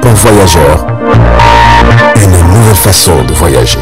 Pour Voyageurs. Une nouvelle façon de voyager.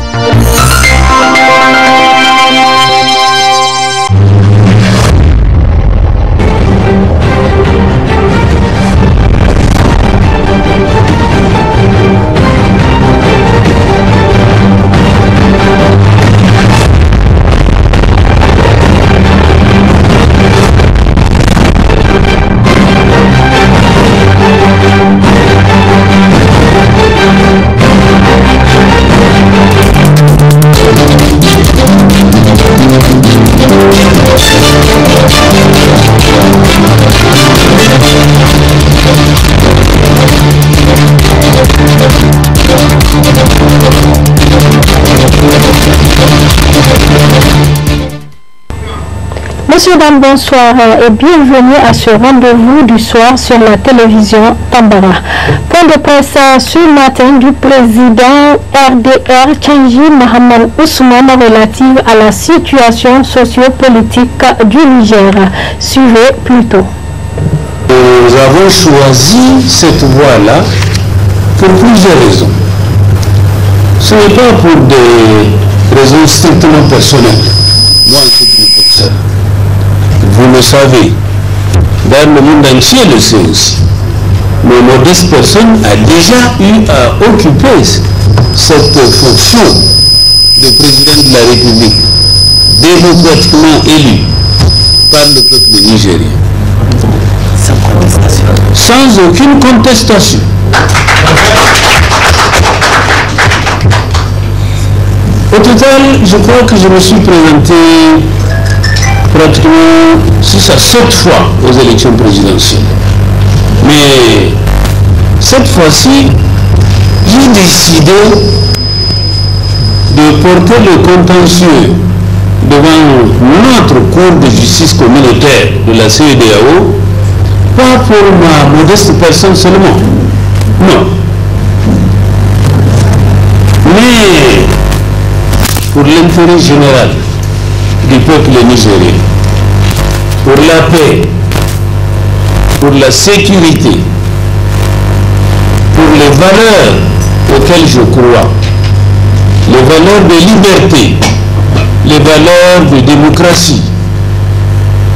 Monsieur, dames, bonsoir euh, et bienvenue à ce rendez-vous du soir sur la télévision Tambara de presse ce matin du président RDR Kenji Mohamed Ousmane relative à la situation sociopolitique du Niger. Suivez plutôt. Nous avons choisi cette voie-là pour plusieurs raisons. Ce n'est pas pour des raisons strictement personnelles. Moi, je Vous le savez. Dans le monde entier le sait mais modeste personne a déjà eu à occuper cette fonction de président de la République, démocratiquement élu par le peuple nigérien. Sans Sans aucune contestation. Au total, je crois que je me suis présenté pratiquement 6 à fois aux élections présidentielles. Mais cette fois-ci, j'ai décidé de porter le contentieux devant notre cour de justice communautaire de la CEDAO, pas pour ma modeste personne seulement, non, mais pour l'intérêt général du peuple nigérien, pour la paix pour la sécurité, pour les valeurs auxquelles je crois, les valeurs de liberté, les valeurs de démocratie,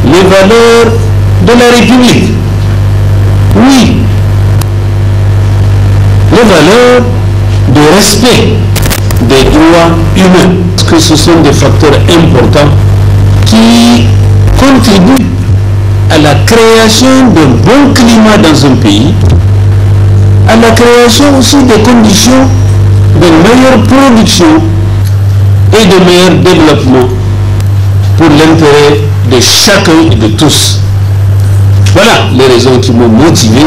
les valeurs de la République. Oui, les valeurs de respect des droits humains, parce que ce sont des facteurs importants qui contribuent à la création d'un bon climat dans un pays, à la création aussi des conditions de meilleure production et de meilleur développement pour l'intérêt de chacun et de tous. Voilà les raisons qui m'ont motivé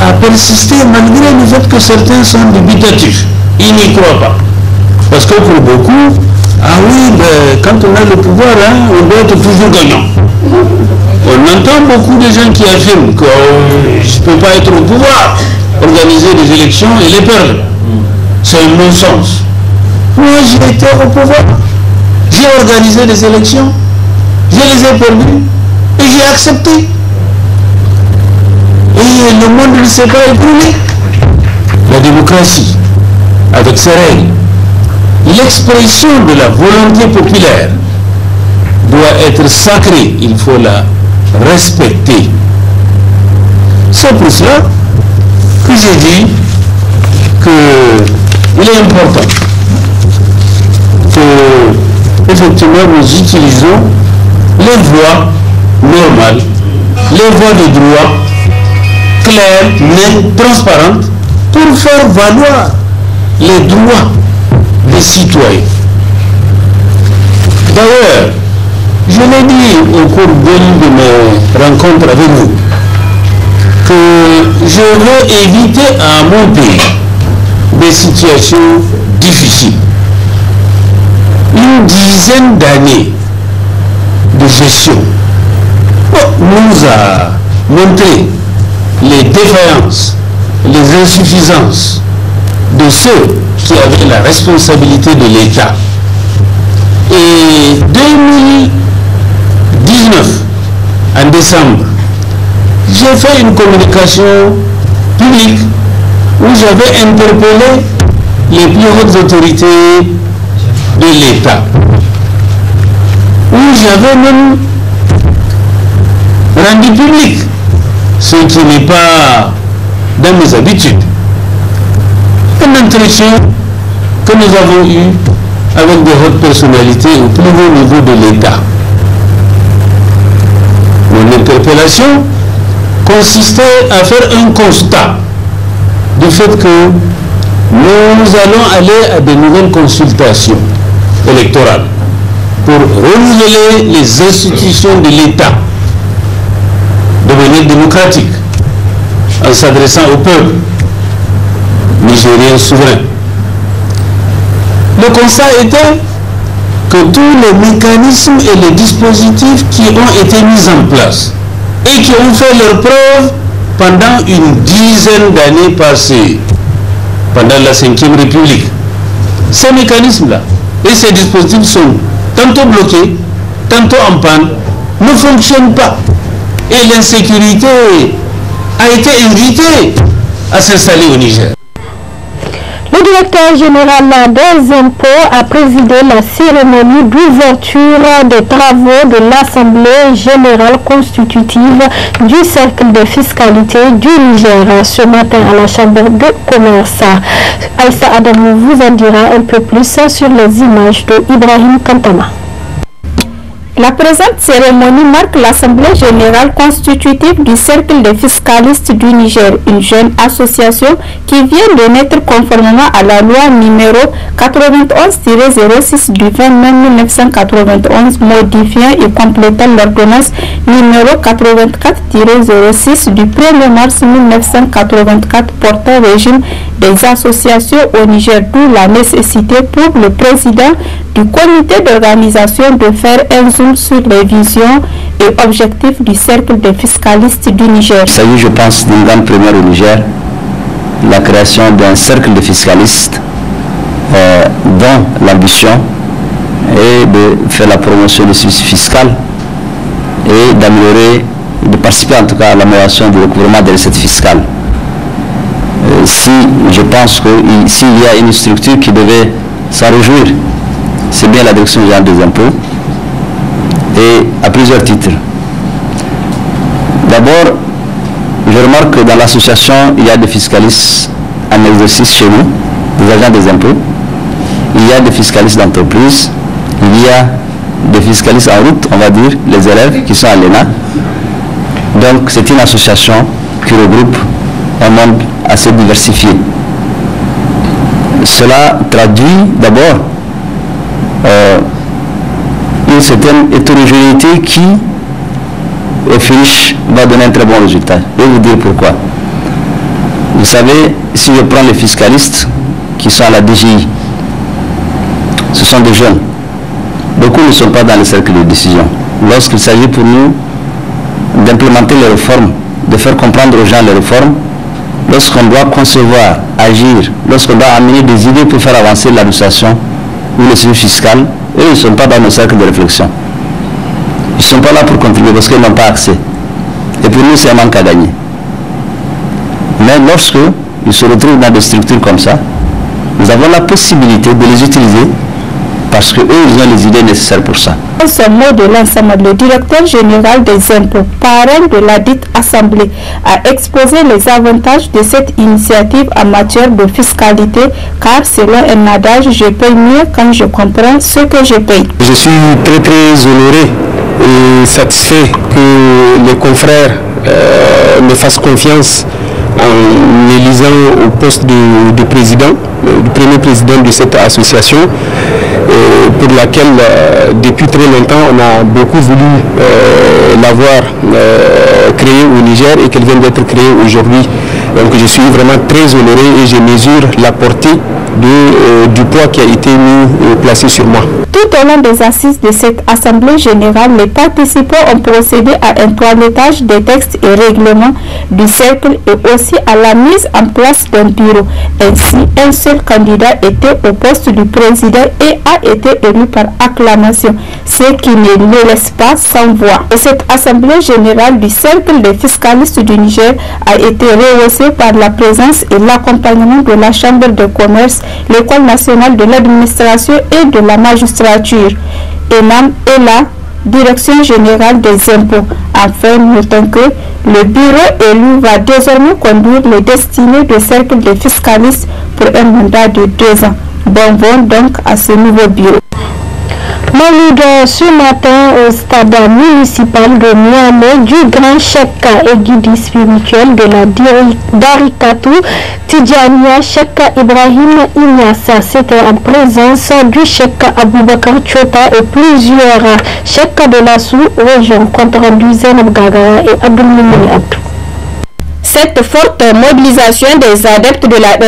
à persister malgré le fait que certains sont dubitatifs. Ils n'y croient pas. Parce que pour beaucoup, ah oui, ben, quand on a le pouvoir, hein, on doit être toujours gagnant. On entend beaucoup de gens qui affirment que euh, je ne peux pas être au pouvoir, organiser des élections et les perdre. Mm. C'est un non-sens. Moi, j'ai été au pouvoir. J'ai organisé des élections. Je les ai perdues. Et j'ai accepté. Et le monde ne s'est pas éprouvé. La démocratie, avec ses règles, l'expression de la volonté populaire doit être sacrée. Il faut la respecter. C'est pour cela que j'ai dit qu'il est important que effectivement nous utilisons les voies normales, les voies de droit claires, nettes, transparentes pour faire valoir les droits des citoyens. D'ailleurs, je l'ai dit au cours de mes rencontres avec vous que je veux éviter à mon pays des situations difficiles. Une dizaine d'années de gestion oh, nous a montré les défaillances, les insuffisances de ceux qui avaient la responsabilité de l'État. Et 2000 19, en décembre, j'ai fait une communication publique où j'avais interpellé les plus hautes autorités de l'État, où j'avais même rendu public ce qui n'est pas dans mes habitudes. Un entretien que nous avons eu avec des hautes personnalités au plus haut niveau de l'État consistait à faire un constat du fait que nous allons aller à de nouvelles consultations électorales pour renouveler les institutions de l'État de manière démocratique en s'adressant au peuple nigérien souverain. Le constat était que tous les mécanismes et les dispositifs qui ont été mis en place et qui ont fait leur preuves pendant une dizaine d'années passées, pendant la Ve République. Ces mécanismes-là et ces dispositifs sont tantôt bloqués, tantôt en panne, ne fonctionnent pas. Et l'insécurité a été invitée à s'installer au Niger. Le directeur général des impôts a présidé la cérémonie d'ouverture des travaux de l'Assemblée générale constitutive du Cercle de fiscalité du Niger ce matin à la Chambre de commerce. Aïssa Adamou vous en dira un peu plus sur les images de Ibrahim Kantama. La présente cérémonie marque l'Assemblée générale constitutive du Cercle des fiscalistes du Niger, une jeune association qui vient de naître conformément à la loi numéro 91-06 du 20 mai 1991 modifiant et complétant l'ordonnance numéro 84-06 du 1er mars 1984 portant régime des associations au Niger, d'où la nécessité pour le président du comité d'organisation de faire un zoom sur les visions et objectifs du cercle des fiscalistes du Niger. Il s'agit, je pense, d'une grande première au Niger, la création d'un cercle de fiscalistes euh, dont l'ambition est de faire la promotion du services fiscal et d'améliorer, de participer en tout cas à l'amélioration du recouvrement des recettes fiscales. Euh, si je pense que s'il y a une structure qui devait s'en réjouir, c'est bien la Direction générale des impôts, et à plusieurs titres. D'abord, je remarque que dans l'association, il y a des fiscalistes en exercice chez nous, des agents des impôts, il y a des fiscalistes d'entreprise, il y a des fiscalistes en route, on va dire, les élèves qui sont à l'ENA. Donc c'est une association qui regroupe un monde assez diversifié. Cela traduit d'abord euh, une certaine hétérogénéité qui, au finish, va donner un très bon résultat. Je vais vous dire pourquoi. Vous savez, si je prends les fiscalistes qui sont à la DGI, ce sont des jeunes. Beaucoup ne sont pas dans le cercle de décision. Lorsqu'il s'agit pour nous d'implémenter les réformes, de faire comprendre aux gens les réformes, lorsqu'on doit concevoir, agir, lorsqu'on doit amener des idées pour faire avancer l'administration, ou les sujets fiscaux, eux, ils ne sont pas dans nos cercles de réflexion. Ils ne sont pas là pour contribuer parce qu'ils n'ont pas accès. Et pour nous, c'est un manque à gagner. Mais lorsque ils se retrouvent dans des structures comme ça, nous avons la possibilité de les utiliser parce qu'eux, ils ont les idées nécessaires pour ça. En ce mot de l'ensemble, le directeur général des impôts, parrain de la dite assemblée, a exposé les avantages de cette initiative en matière de fiscalité, car selon un adage, je paye mieux quand je comprends ce que je paye. Je suis très très honoré et satisfait que les confrères euh, me fassent confiance en élisant au poste de, président, euh, du premier président de cette association, euh, pour laquelle euh, depuis très longtemps on a beaucoup voulu l'avoir créée au Niger et qu'elle vient d'être créée aujourd'hui. Donc je suis vraiment très honoré et je mesure la portée euh, du poids qui a été mis, euh, placé sur moi. Tout au long des assises de cette Assemblée générale, les participants ont procédé à un toilettage des textes et règlements du cercle et aussi à la mise en place d'un bureau. Ainsi, un seul candidat était au poste du président et a été élu par acclamation, ce qui ne le laisse pas sans voix. Et cette Assemblée générale du cercle des fiscalistes du Niger a été rehaussée par la présence et l'accompagnement de la Chambre de commerce l'École nationale de l'administration et de la magistrature, et et la Direction générale des impôts. Enfin, notons que le bureau élu va désormais conduire les destinées de cercle des fiscalistes pour un mandat de deux ans. Bon, donc à ce nouveau bureau. Maloud ce matin au stade municipal de Niamey du grand Cheka et guide spirituel de la Darikatou Tidjania Cheka Ibrahim Ignace. C'était en présence du Cheka Aboubakar Chota et plusieurs Cheka de la sous-région contre de Abgagara et Abdoulaye cette forte mobilisation des adeptes de la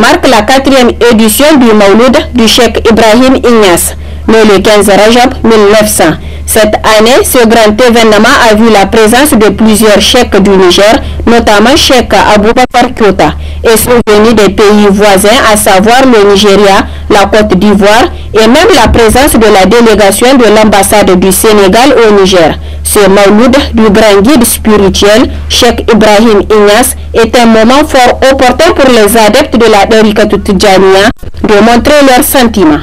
marque la quatrième édition du Mauloud du Cheikh Ibrahim Ignace, le 15 Rajab 1900. Cette année, ce grand événement a vu la présence de plusieurs chèques du Niger, notamment Cheikh Aboubakar Kota, et sont venus des pays voisins, à savoir le Nigeria, la Côte d'Ivoire, et même la présence de la délégation de l'ambassade du Sénégal au Niger. Ce Mahmoud du grand guide spirituel, Cheikh Ibrahim Ignace, est un moment fort opportun pour les adeptes de la Dorikatou Tidjania de montrer leurs sentiments.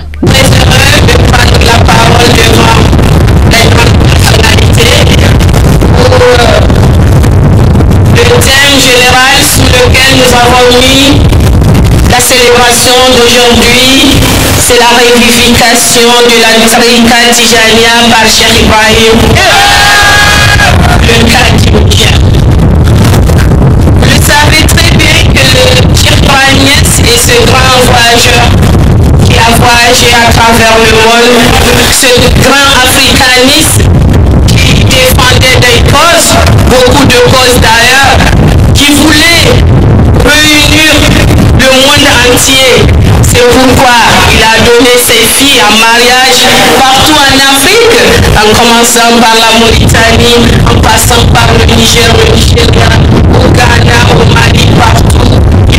Euh, le thème général sous lequel nous avons mis la célébration d'aujourd'hui, c'est la réunification de la Trika Tijania par Cheikh Ibrahim, le Kadimkia. Vous savez très bien que Cheikh Ibrahim est ce grand voyageur qui a voyagé à travers le monde, ce grand africaniste défendait des causes, beaucoup de causes d'ailleurs, qui voulaient réunir le monde entier. C'est pourquoi il a donné ses filles en mariage partout en Afrique, en commençant par la Mauritanie, en passant par le Niger, le Nigeria, au Ghana, au Mali, partout.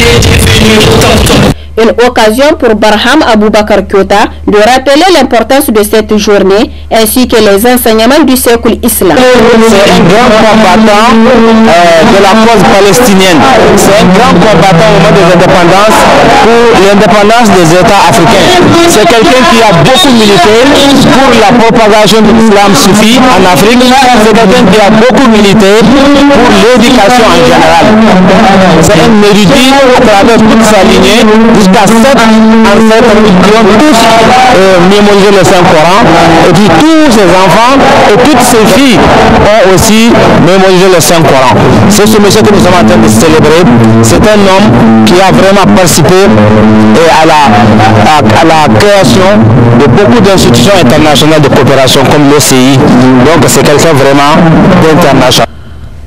Il est devenu tonton. Une occasion pour Barham Aboubakar Kyota de rappeler l'importance de cette journée ainsi que les enseignements du siècle islam. C'est un grand combattant euh, de la cause palestinienne. C'est un grand combattant au moment des indépendances pour l'indépendance des États africains. C'est quelqu'un qui a beaucoup milité pour la propagation de l'islam soufi en Afrique. C'est quelqu'un qui a beaucoup milité pour l'éducation en général. C'est un érudit qui travers toute sa lignée il ils ont tous mémorisé le Saint-Coran. Et puis tous ses enfants et toutes ces filles ont aussi mémorisé le Saint-Coran. C'est ce monsieur que nous sommes en train de célébrer. C'est un homme qui a vraiment participé à la, à la création de beaucoup d'institutions internationales de coopération comme l'OCI. Donc c'est quelqu'un vraiment d'international.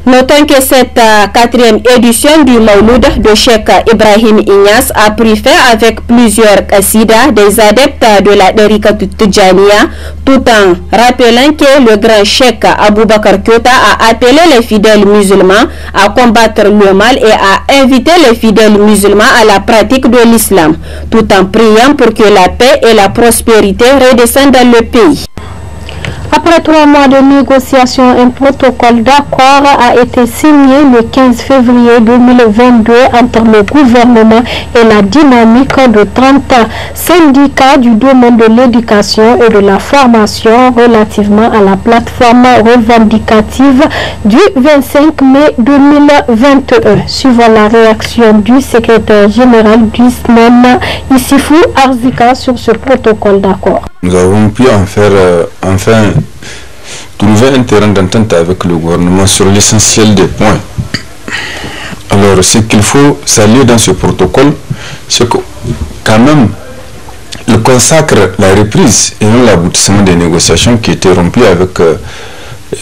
Notons que cette euh, quatrième édition du Mauloud de Cheikh Ibrahim Ignace a pris fait avec plusieurs sida des adeptes de la Derika Tudjania, tout en rappelant que le grand Cheikh Aboubakar Kyota a appelé les fidèles musulmans à combattre le mal et a invité les fidèles musulmans à la pratique de l'islam, tout en priant pour que la paix et la prospérité redescendent dans le pays. Après trois mois de négociations, un protocole d'accord a été signé le 15 février 2022 entre le gouvernement et la dynamique de 30 syndicats du domaine de l'éducation et de la formation relativement à la plateforme revendicative du 25 mai 2021. Suivant la réaction du secrétaire général du SNEM, Issifou Arzika, sur ce protocole d'accord. Nous avons pu en faire euh, enfin trouver un terrain d'entente avec le gouvernement sur l'essentiel des points. Alors, ce qu'il faut saluer dans ce protocole, c'est que quand même, le consacre la reprise et non l'aboutissement des négociations qui étaient rompues avec euh,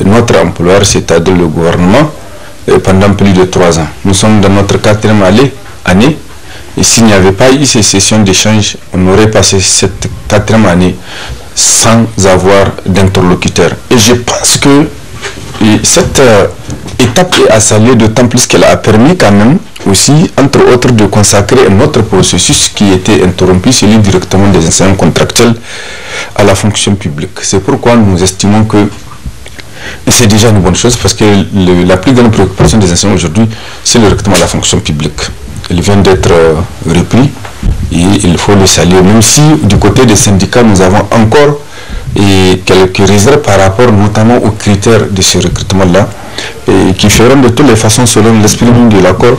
notre employeur, c'est-à-dire le gouvernement, euh, pendant plus de trois ans. Nous sommes dans notre quatrième année, et s'il n'y avait pas eu ces sessions d'échange, on aurait passé cette quatrième année sans avoir d'interlocuteur. Et je pense que cette euh, étape est à de d'autant plus qu'elle a permis quand même aussi, entre autres, de consacrer un autre processus qui était interrompu, celui directement des enseignants contractuels à la fonction publique. C'est pourquoi nous estimons que c'est déjà une bonne chose parce que la plus grande préoccupation des enseignants aujourd'hui, c'est directement la fonction publique il vient d'être euh, repris et il faut le saluer. Même si du côté des syndicats, nous avons encore et quelques réserves par rapport notamment aux critères de ce recrutement-là, qui feront de toutes les façons, selon l'esprit de l'accord,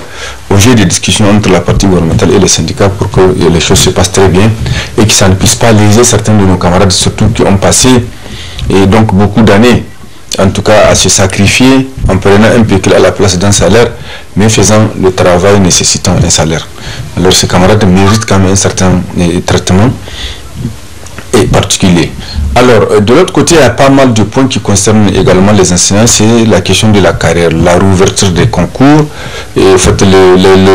objet des discussions entre la partie gouvernementale et les syndicats pour que euh, les choses se passent très bien et que ça ne puisse pas léser certains de nos camarades, surtout qui ont passé et donc beaucoup d'années en tout cas à se sacrifier en prenant un pécule à la place d'un salaire, mais faisant le travail nécessitant un salaire. Alors ces camarades méritent quand même un certain traitement particulier. Alors, euh, de l'autre côté, il y a pas mal de points qui concernent également les enseignants, c'est la question de la carrière, la rouverture des concours, et, fait,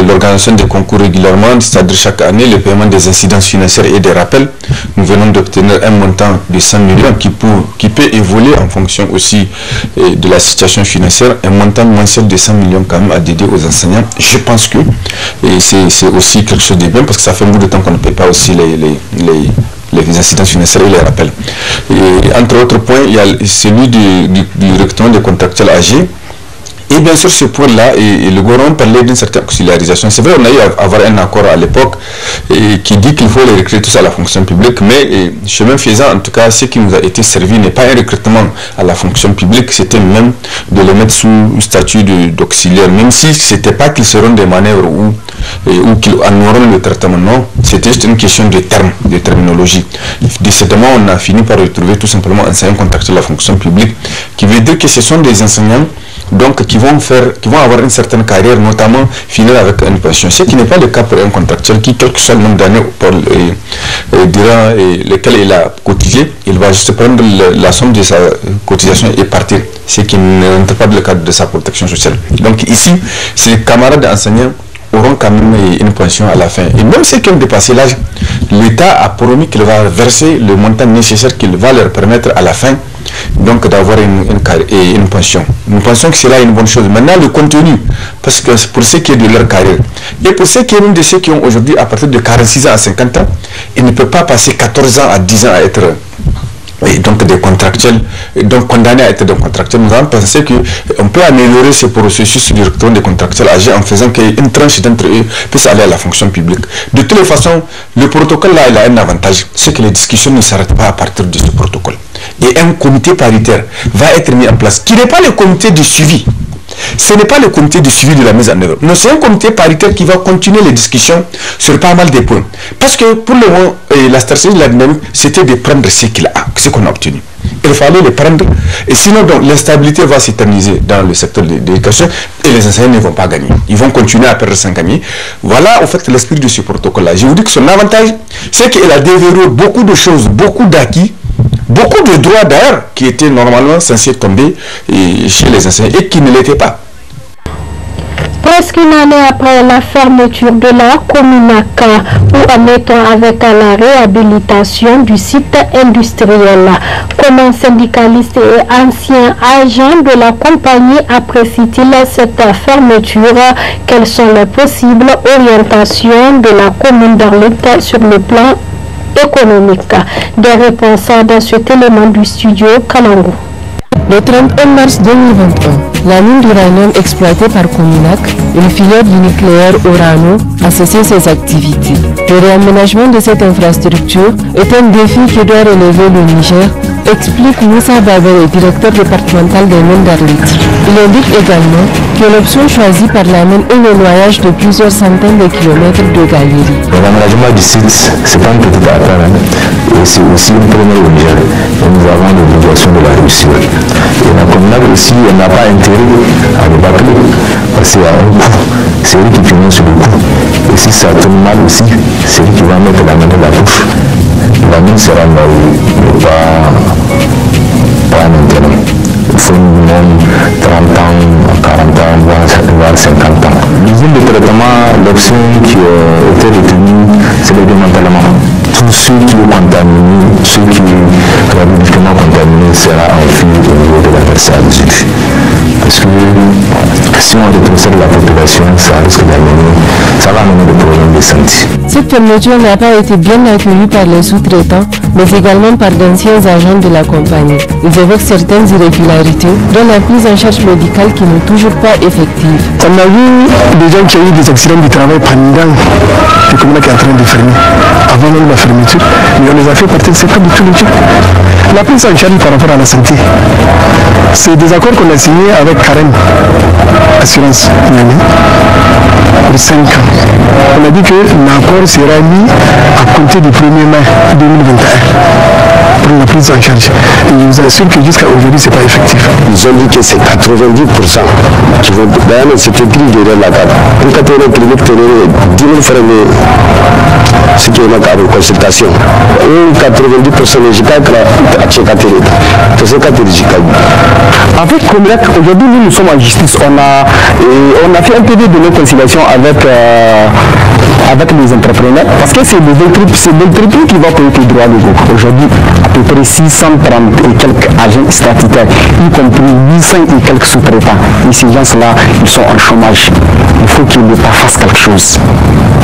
l'organisation des concours régulièrement, c'est-à-dire chaque année, le paiement des incidences financières et des rappels. Nous venons d'obtenir un montant de 100 millions qui peut, qui peut évoluer en fonction aussi euh, de la situation financière, un montant mensuel de 100 millions quand même à dédier aux enseignants. Je pense que c'est aussi quelque chose de bien parce que ça fait beaucoup de temps qu'on ne paie pas aussi les les incidents financiers et les rappels. entre autres points, il y a celui du, du, du recrutement des contractuels âgés et bien sûr, ce point-là, et, le gouvernement parlait d'une certaine auxiliarisation. C'est vrai, on a eu à avoir un accord à l'époque qui dit qu'il faut les recruter tous à la fonction publique, mais chemin faisant, en tout cas, ce qui nous a été servi n'est pas un recrutement à la fonction publique, c'était même de le mettre sous statut d'auxiliaire, même si ce n'était pas qu'ils seront des manœuvres ou, ou qu'ils en auront le traitement, non. C'était juste une question de termes, de terminologie. Décidément, on a fini par retrouver tout simplement un enseignant contacté à la fonction publique, qui veut dire que ce sont des enseignants donc qui vont faire, qui vont avoir une certaine carrière, notamment finir avec une pension. Ce qui n'est pas le cas pour un contractuel qui, quel que soit le nombre d'années euh, euh, durant euh, lequel il a cotisé, il va juste prendre la somme de sa cotisation et partir, ce qui n'est pas le cadre de sa protection sociale. Donc ici, ses camarades enseignants auront quand même une pension à la fin. Et même ceux qui ont dépassé l'âge, l'État a promis qu'il va verser le montant nécessaire qu'il va leur permettre à la fin donc d'avoir une pension. Nous pensons que c'est là une bonne chose. Maintenant, le contenu, parce que pour ceux qui est de leur carrière, et pour ceux qui est de ceux qui ont aujourd'hui à partir de 46 ans à 50 ans, ils ne peuvent pas passer 14 ans à 10 ans à être et donc des contractuels, donc condamnés à être des contractuels. Nous avons pensé qu'on euh, peut améliorer ce processus directement des contractuels âgés en faisant qu'une tranche d'entre eux puisse aller à la fonction publique. De toutes les façons, le protocole là, il a un avantage, c'est que les discussions ne s'arrêtent pas à partir de ce protocole. Et un comité paritaire va être mis en place, qui n'est pas le comité de suivi ce n'est pas le comité de suivi de la mise en œuvre. Non, c'est un comité paritaire qui va continuer les discussions sur pas mal de points. Parce que pour le moment, euh, la stratégie de la c'était de prendre ce qu'on a, ce qu'on a obtenu. Il fallait le prendre. Et sinon, l'instabilité va s'éterniser dans le secteur de l'éducation et les enseignants ne vont pas gagner. Ils vont continuer à perdre sans gagner. Voilà, en fait, l'esprit de ce protocole-là. Je vous dis que son avantage, c'est qu'il a déverrouillé beaucoup de choses, beaucoup d'acquis Beaucoup de droits d'air qui étaient normalement censés tomber euh, chez les enseignants et qui ne l'étaient pas. Presque une année après la fermeture de la Comunaca, ou en avec la réhabilitation du site industriel, comment syndicaliste et ancien agent de la compagnie apprécie t cette fermeture Quelles sont les possibles orientations de la commune d'Arlette sur le plan économique. de réponses dans ce élément du studio Kalangu. Le 31 mars 2021, la mine d'uranium exploitée par Cominac, une filière du nucléaire Orano, a cessé ses activités. Le réaménagement de cette infrastructure est un défi qui doit relever le Niger explique Moussa le directeur départemental des mines d'Arlit. Il indique également que l'option choisie par la mine est le noyage de plusieurs centaines de kilomètres de galerie. L'aménagement du site, ce n'est pas une petite affaire, c'est aussi une première au nous avons l'obligation de la Russie. Et la communauté aussi, n'a pas intérêt à le battre. parce qu'il y a un coup, C'est lui qui finance le coup, Et si ça tourne mal aussi, c'est lui qui va mettre la main dans la bouche la miséranda va en maintenant. Il faut minimum 30 ans, 40 ans, voire 50 ans. L'usine de traitement, l'option qui a euh, été retenue, c'est le démantèlement tous ceux qui ont contaminé, ceux qui ont médicament contaminé sera enfui au niveau de la Parce que si on de la population, ça risque d'amener, ça va amener des problèmes de santé. Cette fermeture n'a pas été bien accueillie par les sous-traitants, mais également par d'anciens agents de la compagnie. Ils évoquent certaines irrégularités, dont la prise en charge médicale qui n'est toujours pas effective. On a vu des gens qui ont eu des accidents du travail pendant le commun qui est en train de fermer. Avant, même mais on les a fait partir de pas du tout le La prise en charge par rapport à la santé, c'est des accords qu'on a signés avec Karen Assurance 5 On a dit que l'accord sera mis à compter du 1er mai 2021 pour la prise en charge. Et je vous assure que jusqu'à aujourd'hui, ce n'est pas effectif. Ils ont dit que c'est 90% qui vont... D'ailleurs, c'est écrit derrière la carte. Pour de tenir clinique, 10 000 francs de ce qui est de consultation. Et 90% des catégorie. c'est à Avec comme aujourd'hui, nous, sommes en justice. On a, on a fait un PD de notre à avec, euh, avec les entrepreneurs parce que c'est l'entreprise qui va payer droit droits légaux. Aujourd'hui, à peu près 630 et quelques agents statutaires, y compris 800 et quelques sous-traitants. Et ces gens-là, ils sont en chômage. Il faut qu'ils ne fassent quelque chose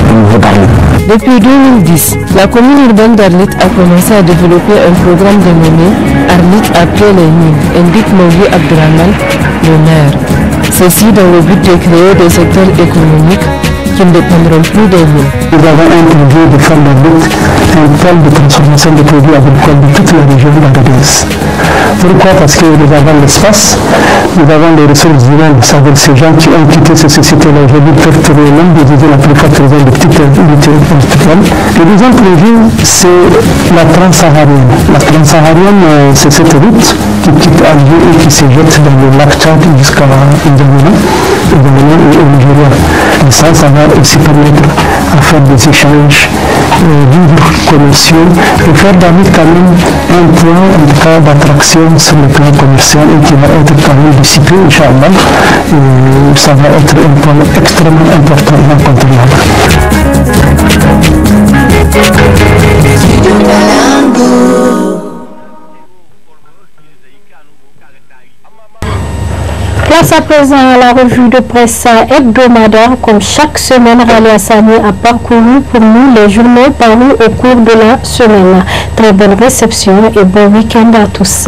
au niveau d'Arlit. Depuis 2010, la commune urbaine d'Arlit a commencé à développer un programme dénommé Arlit après les mines, indique Maudit Abdurrahman, le maire. Ceci dans le but de créer des secteurs économiques qui ne dépendront plus de nous. Nous avons un de forme de lutte, un plan de transformation de produits agricoles de toute la région de la Pourquoi Parce que nous avons l'espace, nous avons les ressources humaines, vous savez, ces gens qui ont quitté ces sociétés-là aujourd'hui peuvent trouver même des idées la plus de petites agricoles. Le deuxième projet, c'est la transsaharienne. La transsaharienne, euh, c'est cette route qui quitte et qui se jette dans le lac Tchad jusqu'à la et et au Nigeria. Et ça, ça va aussi permettre à faire des échanges libres, euh, commerciaux, et faire d'Amit quand même un point, cas, d'attraction sur le plan commercial et qui va être parmi même dissipé, Inch'Allah. Et euh, ça va être un point extrêmement important dans le contrôle. Place à présent à la revue de presse hebdomadaire. Comme chaque semaine, Rania a parcouru pour nous les journaux parus au cours de la semaine. Très bonne réception et bon week-end à tous.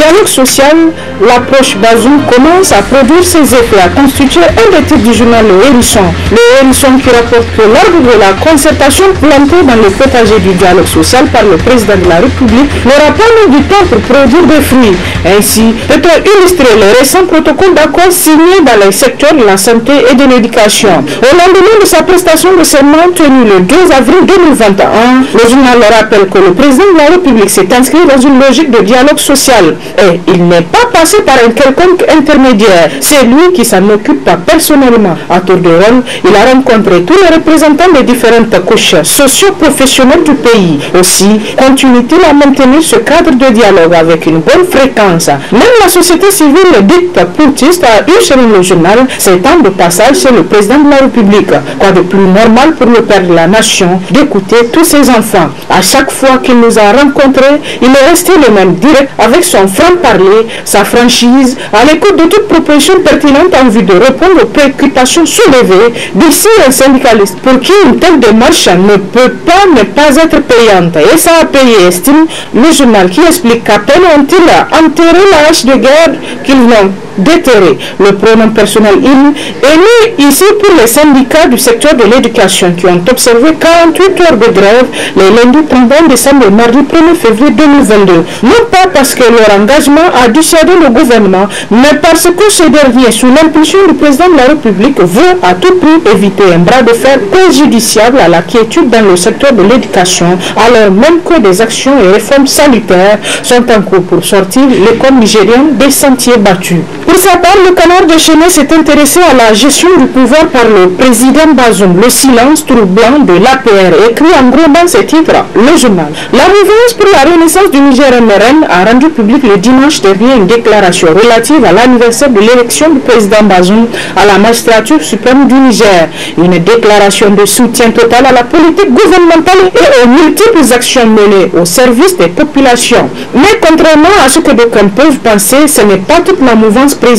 dialogue social, l'approche Bazou commence à produire ses effets, à constituer un des titres du journal Le Hérisson. Le Hérisson qui rapporte que l'ordre de la concertation plantée dans le potager du dialogue social par le président de la République, n'aura pas mis du temps pour produire des fruits. Ainsi, peut-on illustrer le récent protocole d'accord signé dans les secteurs de la santé et de l'éducation. Au lendemain de sa prestation de serment tenue le 2 avril 2021, le journal rappelle que le président de la République s'est inscrit dans une logique de dialogue social et il n'est pas passé par un quelconque intermédiaire. C'est lui qui s'en occupe personnellement. À tour de Rome, il a rencontré tous les représentants des différentes couches socio-professionnelles du pays. Aussi, continue-t-il à maintenir ce cadre de dialogue avec une bonne fréquence. Même la société civile dite poutiste a eu chez le journal ses temps de passage chez le président de la République. Quoi de plus normal pour le père de la nation d'écouter tous ses enfants. À chaque fois qu'il nous a rencontrés, il est resté le même direct avec son frère parler sa franchise, à l'écoute de toute proposition pertinente en vue de répondre aux préoccupations soulevées d'ici un e syndicaliste pour qui une telle démarche ne peut pas ne pas être payante. Et ça a payé, estime le journal qui explique qu'à peine ont-ils enterré la hache de guerre qu'ils n'ont déterré le pronom personnel il est né ici pour les syndicats du secteur de l'éducation qui ont observé 48 heures de grève les lundis 31 décembre et mardi 1er février 2022. Non pas parce que leur engagement a dissuadé le gouvernement, mais parce que ce dernier, sous l'impulsion du président de la République, veut à tout prix éviter un bras de fer préjudiciable à la quiétude dans le secteur de l'éducation, alors même que des actions et réformes sanitaires sont en cours pour sortir l'école nigérienne des sentiers battus sa le canard de Chenet s'est intéressé à la gestion du pouvoir par le président Bazoum. Le silence troublant de l'APR, écrit en gros dans ce titre, le journal. La mouvance pour la renaissance du Niger MRN a rendu public le dimanche dernier une déclaration relative à l'anniversaire de l'élection du président Bazoum à la magistrature suprême du Niger. Une déclaration de soutien total à la politique gouvernementale et aux multiples actions menées au service des populations. Mais contrairement à ce que d'aucuns peuvent penser, ce n'est pas toute la mouvance présidentielle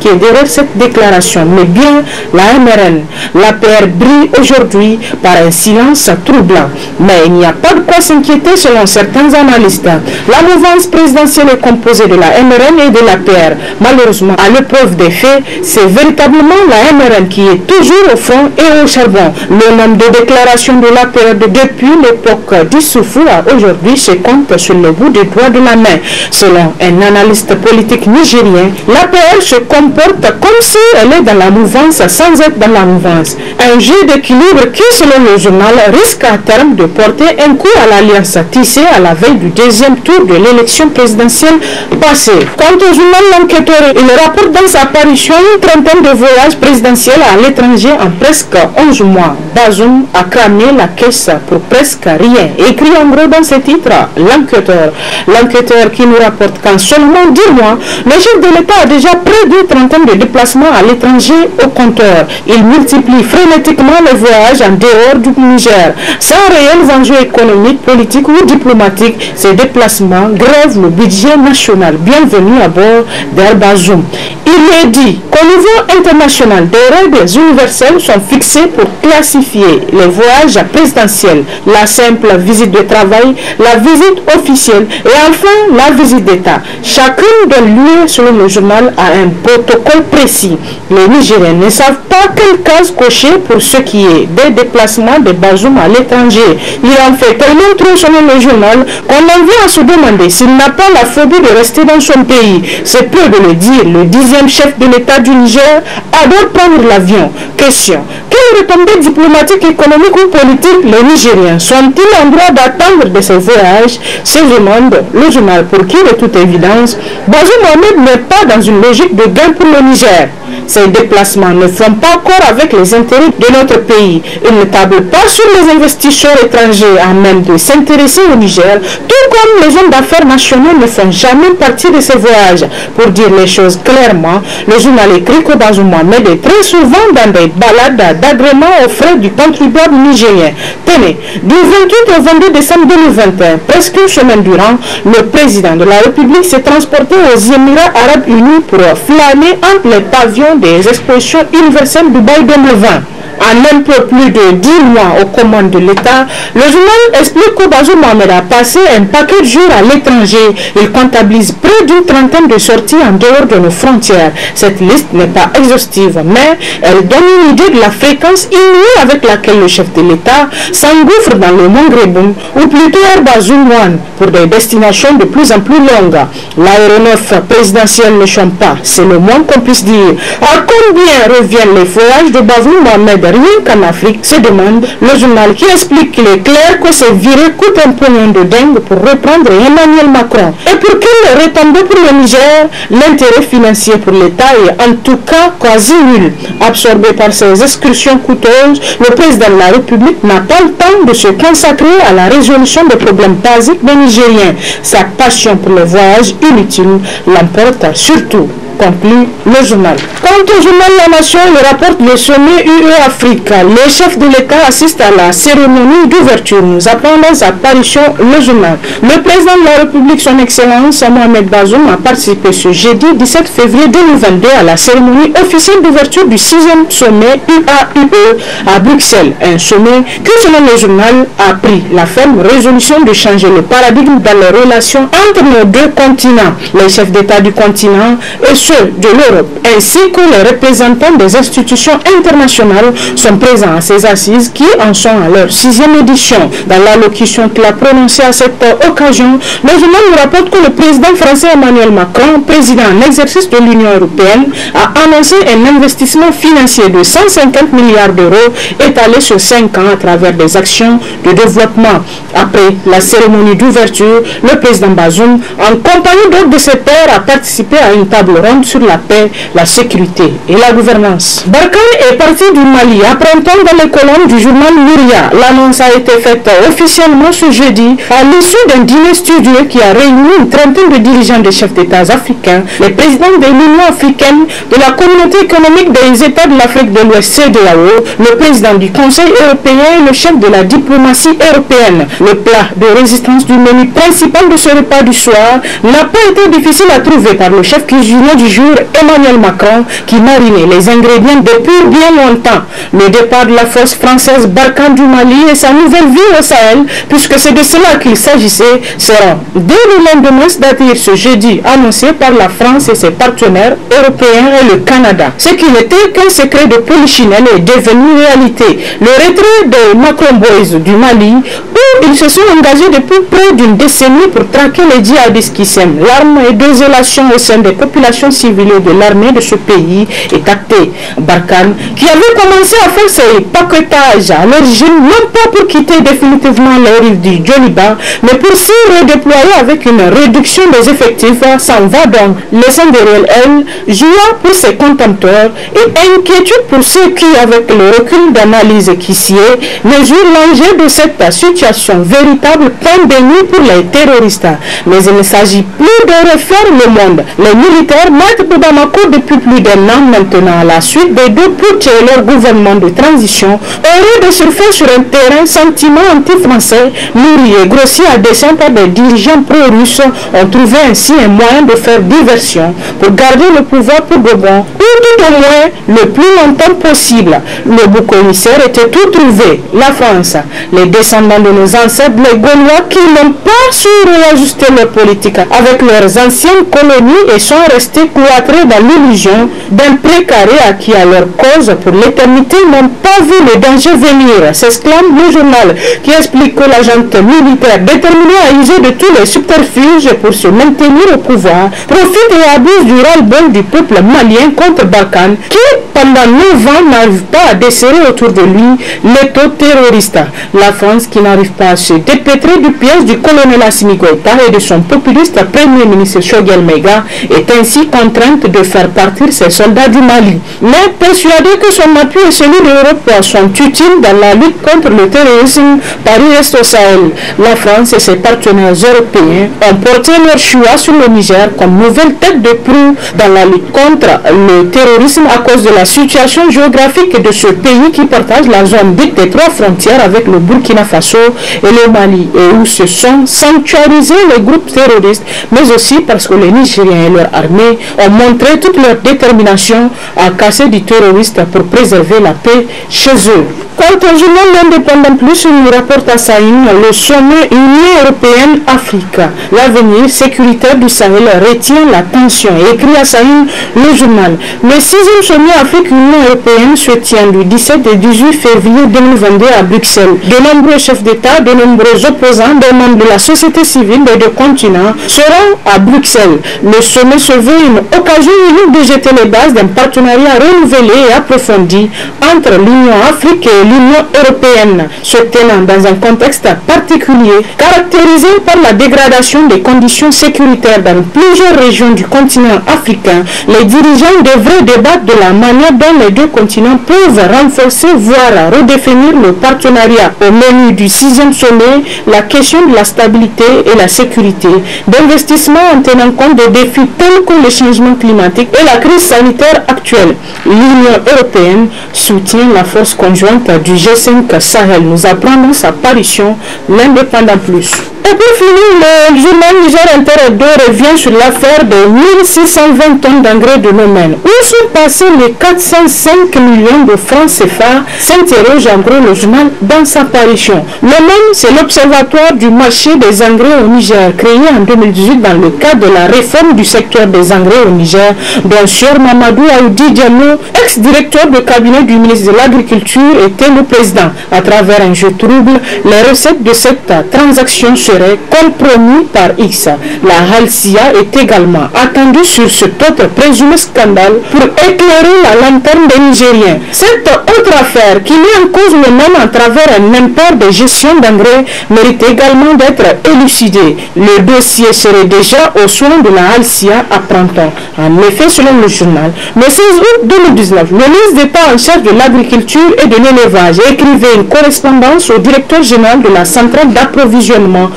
qui est cette déclaration, mais bien la MRN. La PR brille aujourd'hui par un silence troublant. Mais il n'y a pas de quoi s'inquiéter selon certains analystes. La mouvance présidentielle est composée de la MRN et de la PR. Malheureusement, à l'épreuve des faits, c'est véritablement la MRN qui est toujours au fond et au charbon. Le nombre de déclarations de la PR depuis l'époque du Soufou à aujourd'hui se compte sur le bout des doigts de la main. Selon un analyste politique nigérien, la PR se comporte comme si elle est dans la mouvance sans être dans la mouvance. Un jeu d'équilibre qui, selon le journal, risque à terme de porter un coup à l'alliance tissée à la veille du deuxième tour de l'élection présidentielle passée. Quant au journal L'Enquêteur, il rapporte dans sa parution une trentaine de voyages présidentiels à l'étranger en presque 11 mois. Bazoum a cramé la caisse pour presque rien. Écrit en gros dans ce titre, L'Enquêteur. L'Enquêteur qui nous rapporte qu'en seulement 10 mois, le chef de l'État a déjà près d'une trentaine de déplacements à l'étranger au compteur. Il multiplie frénétiquement les voyages en dehors du Niger. Sans réels enjeux économiques, politiques ou diplomatiques, ces déplacements grèvent le budget national. Bienvenue à bord d'Herbazoum. Il est dit qu'au niveau international, des règles universelles sont fixées pour classifier les voyages présidentiels, la simple visite de travail, la visite officielle et enfin la visite d'État. Chacune de lieu, selon le journal, à un protocole précis. Les Nigériens ne savent pas quelle case cocher pour ce qui est des déplacements de Bazoum à l'étranger. Il en fait tellement trop selon le journal qu'on en vient à se demander s'il n'a pas la phobie de rester dans son pays. C'est peu de le dire, le dixième chef de l'État du Niger adore prendre l'avion. Question, Quelle retombée diplomatique, économique ou politique les Nigériens sont-ils en droit d'attendre de ces voyages Se demande le journal pour qui, de toute évidence, Bazoum Mohamed n'est pas dans une logique de gain pour le Niger. Ces déplacements ne font pas encore avec les intérêts de notre pays. Ils ne tablent pas sur les investisseurs étrangers à même de s'intéresser au Niger, tout comme les hommes d'affaires nationaux ne font jamais partie de ces voyages. Pour dire les choses clairement, le journal écrit qu'Obazou est très souvent dans des balades d'agrément aux frais du contribuable nigérien. Tenez, du 28 au 22 décembre 2021, presque une semaine durant, le président de la République s'est transporté aux Émirats Arabes Unis pour flâner entre les pavillons des expositions universelles du Dubaï 2020 en un peu plus de 10 mois aux commandes de l'État, le journal explique Bazou Mohamed a passé un paquet de jours à l'étranger. Il comptabilise près d'une trentaine de sorties en dehors de nos frontières. Cette liste n'est pas exhaustive, mais elle donne une idée de la fréquence inouïe avec laquelle le chef de l'État s'engouffre dans le monde ou plutôt Erbazoum pour des destinations de plus en plus longues. L'aéronef présidentiel ne chante pas, c'est le moins qu'on puisse dire. À combien reviennent les forages de Bazou Mohamed Rien qu'en Afrique, se demande le journal qui explique qu'il est clair que ce virus coûte un pognon de dingue pour reprendre Emmanuel Macron. Et pour qu'il retombe pour le Niger, l'intérêt financier pour l'État est en tout cas quasi nul. Absorbé par ses excursions coûteuses, le président de la République n'a pas le temps de se consacrer à la résolution des problèmes basiques des Nigériens. Sa passion pour le voyage inutile l'emporte surtout conclut le journal. Quant au journal La Nation, le rapporte le sommet UE Afrique. Les chefs de l'État assistent à la cérémonie d'ouverture. Nous apprenons à apparitions le journal. Le président de la République, son Excellence Mohamed Bazoum, a participé ce jeudi 17 février 2022 à la cérémonie officielle d'ouverture du 6e sommet UAUE à Bruxelles. Un sommet que, selon le journal, a pris la ferme résolution de changer le paradigme dans les relations entre nos deux continents. Les chefs d'État du continent et ceux de l'Europe ainsi que les représentants des institutions internationales sont présents à ces assises qui en sont à leur sixième édition. Dans l'allocution qu'il a prononcée à cette euh, occasion, le journal nous rapporte que le président français Emmanuel Macron, président en exercice de l'Union européenne, a annoncé un investissement financier de 150 milliards d'euros étalé sur cinq ans à travers des actions de développement. Après la cérémonie d'ouverture, le président Bazoum, en compagnie d'autres de ses pairs, a participé à une table ronde sur la paix, la sécurité et la gouvernance. Barkhane est parti du Mali après un dans les colonnes du journal Muria. L'annonce a été faite officiellement ce jeudi à l'issue d'un dîner studieux qui a réuni une trentaine de dirigeants des chefs d'État africains, les présidents de l'Union africaine, de la communauté économique des États de l'Afrique de l'Ouest CDAO, le président du Conseil européen et le chef de la diplomatie européenne. Le plat de résistance du menu principal de ce repas du soir n'a pas été difficile à trouver par le chef cuisinier du jour, Emmanuel Macron, qui marinait les ingrédients depuis bien longtemps. Le départ de la force française Barkhane du Mali et sa nouvelle vie au Sahel, puisque c'est de cela qu'il s'agissait, seront dès le lendemain, c'est-à-dire ce jeudi, annoncé par la France et ses partenaires européens et le Canada. Ce qui n'était qu'un secret de polichinelle est devenu réalité. Le retrait de Macron du Mali, ils se sont engagés depuis près d'une décennie pour traquer les djihadistes qui sèment l'arme et désolation au sein des populations civiles de l'armée de ce pays et actée. Barkhane, qui avait commencé à faire ses paquetages à l'origine, non pas pour quitter définitivement les rives du Joliba, mais pour s'y redéployer avec une réduction des effectifs, s'en va donc laissant derrière elle, joie pour ses contempteurs et inquiétude pour ceux qui, avec le recul d'analyse qui s'y est, mesurent l'enjeu de cette situation véritable, pandémie pour les terroristes. Mais il ne s'agit plus de refaire le monde. Les militaires mettent Bamako depuis plus d'un an maintenant à la suite des deux putschs, et leur gouvernement de transition aurait de surfer sur un terrain sentiment anti-français, nourri et grossi à dessein par des dirigeants pro-russes, ont trouvé ainsi un moyen de faire diversion pour garder le pouvoir pour de bon, ou du moins le plus longtemps possible. Le bouc commissaire était tout trouvé, la France, les descendants de nos ancêtres, les Gaulois qui n'ont pas su réajuster leur politique avec leurs anciennes colonies et sont restés cloîtrés dans l'illusion d'un précaré à qui à leur cause pour l'éternité n'ont pas vu le danger venir, s'exclame le journal qui explique que l'agent militaire déterminé à user de tous les subterfuges pour se maintenir au pouvoir profite et abuse du rôle du peuple malien contre Barkhane qui pendant 9 ans n'arrive pas à desserrer autour de lui les terroriste La France qui n'arrive pas à se dépêtrer du piège du colonel Assimi Goïta et de son populiste premier ministre Shogel Mega est ainsi contrainte de faire partir ses soldats du Mali. Mais persuadé que son appui et celui de l'Europe sont utiles dans la lutte contre le terrorisme, Paris est au Sahel. La France et ses partenaires européens ont porté leur choix sur le Niger comme nouvelle tête de proue dans la lutte contre le terrorisme à cause de la situation géographique de ce pays qui partage la zone dite des trois frontières avec le Burkina Faso et le Mali, et où se sont sanctuarisés les groupes terroristes, mais aussi parce que les Nigériens et leur armée ont montré toute leur détermination à casser du terroriste pour préserver la paix chez eux. Quant au journal indépendant plus, nous rapporte à sa le sommet Union européenne-Afrique. L'avenir sécuritaire du Sahel retient l'attention, écrit à sa le journal. Le sixième sommet Afrique-Union européenne se tient du 17 et 18 février 2022 à Bruxelles. De nombreux chefs d'État, de nombreux opposants, des membres de la société civile des deux continents seront à Bruxelles. Le sommet se veut une occasion unique de jeter les bases d'un partenariat renouvelé et approfondi entre l'Union africaine l'Union européenne, se tenant dans un contexte particulier caractérisé par la dégradation des conditions sécuritaires dans plusieurs régions du continent africain, les dirigeants devraient débattre de la manière dont les deux continents peuvent renforcer, voire redéfinir le partenariat. Au menu du sixième sommet, la question de la stabilité et la sécurité, d'investissement en tenant compte des défis tels que le changement climatique et la crise sanitaire L'Union européenne soutient la force conjointe du G5 Sahel. Nous apprenons sa parution, l'indépendant plus. Et pour finir, le journal Niger Inter revient sur l'affaire des 1620 tonnes d'engrais de Nomel. Où sont passés les 405 millions de francs CFA s'interroge en gros le journal dans sa parution. Nomel, c'est l'observatoire du marché des engrais au Niger, créé en 2018 dans le cadre de la réforme du secteur des engrais au Niger, Bien sûr, Mamadou Aoudi Diallo, ex-directeur de cabinet du ministre de l'Agriculture, était le président. À travers un jeu trouble, les recettes de cette transaction se compromis par X. La Halcia est également attendue sur cet autre présumé scandale pour éclairer la lanterne des Nigériens. Cette autre affaire qui met en cause le même à travers un père de gestion d'engrais mérite également d'être élucidée. Le dossier serait déjà au soin de la Halcia, à printemps. En effet, selon le journal, le 16 août 2019, le ministre d'État en charge de l'agriculture et de l'élevage écrivait une correspondance au directeur général de la centrale d'approvisionnement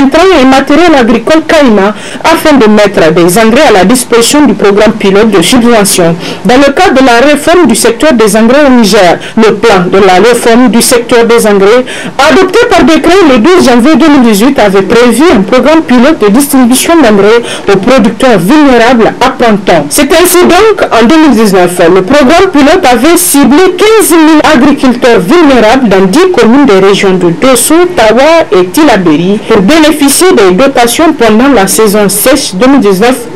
en temps, et matériel agricole Kaima afin de mettre des engrais à la disposition du programme pilote de subvention. Dans le cadre de la réforme du secteur des engrais au Niger, le plan de la réforme du secteur des engrais adopté par décret le 12 janvier 2018 avait prévu un programme pilote de distribution d'engrais aux producteurs vulnérables à temps. C'est ainsi donc en 2019, le programme pilote avait ciblé 15 000 agriculteurs vulnérables dans 10 communes des régions de Dosso, Tawa et Tilaberi pour bénéficier des dotations pendant la saison sèche 2019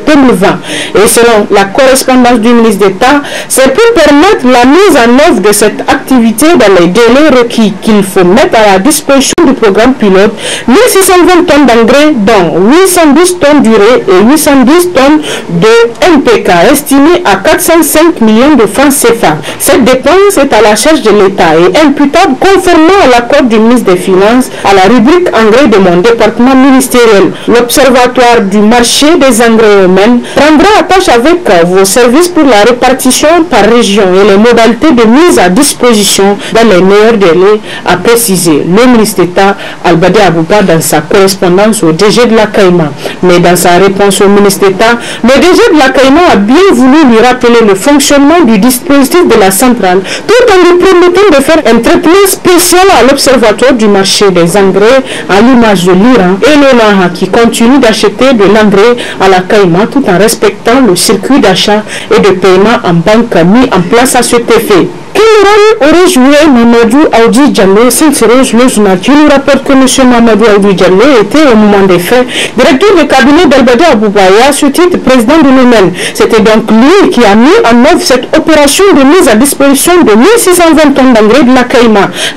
et selon la correspondance du ministre d'État, c'est pour permettre la mise en œuvre de cette activité dans les délais requis qu'il faut mettre à la disposition du programme pilote 1620 tonnes d'engrais, dont 810 tonnes d'urée et 810 tonnes de MPK, estimées à 405 millions de francs CFA. Cette dépense est à la charge de l'État et imputable conformément à l'accord du ministre des Finances à la rubrique engrais de mon département ministériel. L'Observatoire du marché des engrais prendra attache avec euh, vos services pour la répartition par région et les modalités de mise à disposition dans les meilleurs délais, a précisé le ministre d'État Albadé Abouba dans sa correspondance au DG de la Caïma. Mais dans sa réponse au ministre d'État, le DG de la Caïma a bien voulu lui rappeler le fonctionnement du dispositif de la centrale tout en lui promettant de faire un traitement spécial à l'observatoire du marché des engrais à l'image de l'Iran et le l'ONAHA qui continue d'acheter de l'engrais à la Caïma tout en respectant le circuit d'achat et de paiement en banque mis en place à cet effet quel rôle aurait joué Mamadou Aoudi le journal nous rapporte que M. Mamadou Aoudi Djamé était au moment des faits directeur du cabinet d'Albada Aboubaïa sous titre président de l'OMEN. C'était donc lui qui a mis en œuvre cette opération de mise à disposition de 1620 tonnes d'engrais de la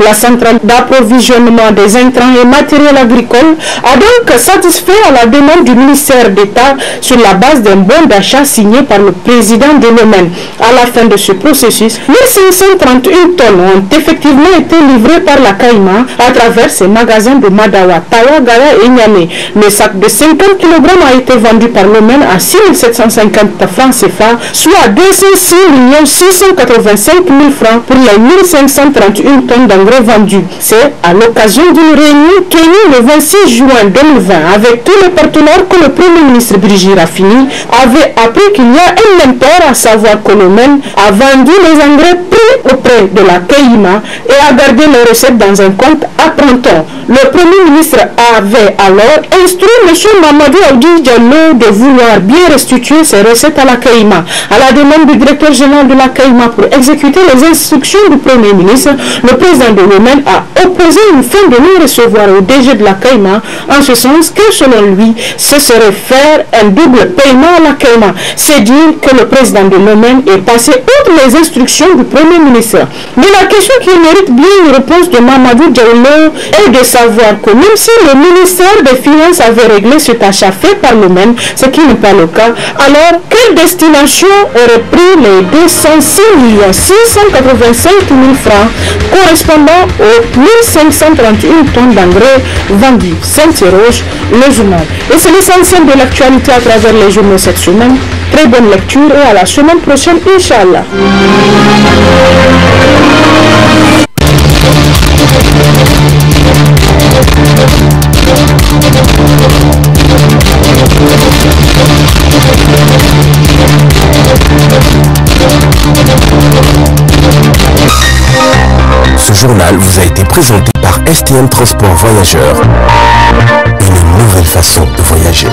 La centrale d'approvisionnement des intrants et matériels agricoles a donc satisfait à la demande du ministère d'État sur la base d'un bon d'achat signé par le président de l'OMEN. À la fin de ce processus, 1500 31 tonnes ont effectivement été livrées par la Caïma à travers ses magasins de Madawa, Tayaga et Nyame. Le sac de 50 kg a été vendu par le même à 6750 francs CFA, soit 206 685 000 francs pour les 1531 tonnes d'engrais vendues. C'est à l'occasion d'une réunion tenue le 26 juin 2020 avec tous les partenaires que le Premier ministre Brigitte Raffini avait appris qu'il y a un mentor, à savoir que même a vendu les engrais pris près de la et a gardé les recettes dans un compte à printemps. Le Premier ministre avait alors instruit M. Mamadou Audi Diallo de vouloir bien restituer ses recettes à la CAIMA. À la demande du directeur général de la pour exécuter les instructions du Premier ministre, le président de l'OMEN a opposé une fin de non-recevoir au DG de la en ce sens que selon lui, ce serait faire un double paiement à la C'est dire que le président de l'OMEN est passé outre les instructions du Premier ministre mais la question qui mérite bien une réponse de Mamadou Diallo est de savoir que même si le ministère des Finances avait réglé cet achat fait par lui-même, ce qui n'est pas le cas, alors quelle destination aurait pris les 206 685 000 francs correspondant aux 1531 tonnes d'engrais vendues, Sainte-Roche le journal. Et c'est l'essentiel de l'actualité à travers les journaux cette semaine. Très bonne lecture et à la semaine prochaine, Inch'Allah. Ce journal vous a été présenté par STM Transport Voyageurs. Une nouvelle façon de voyager.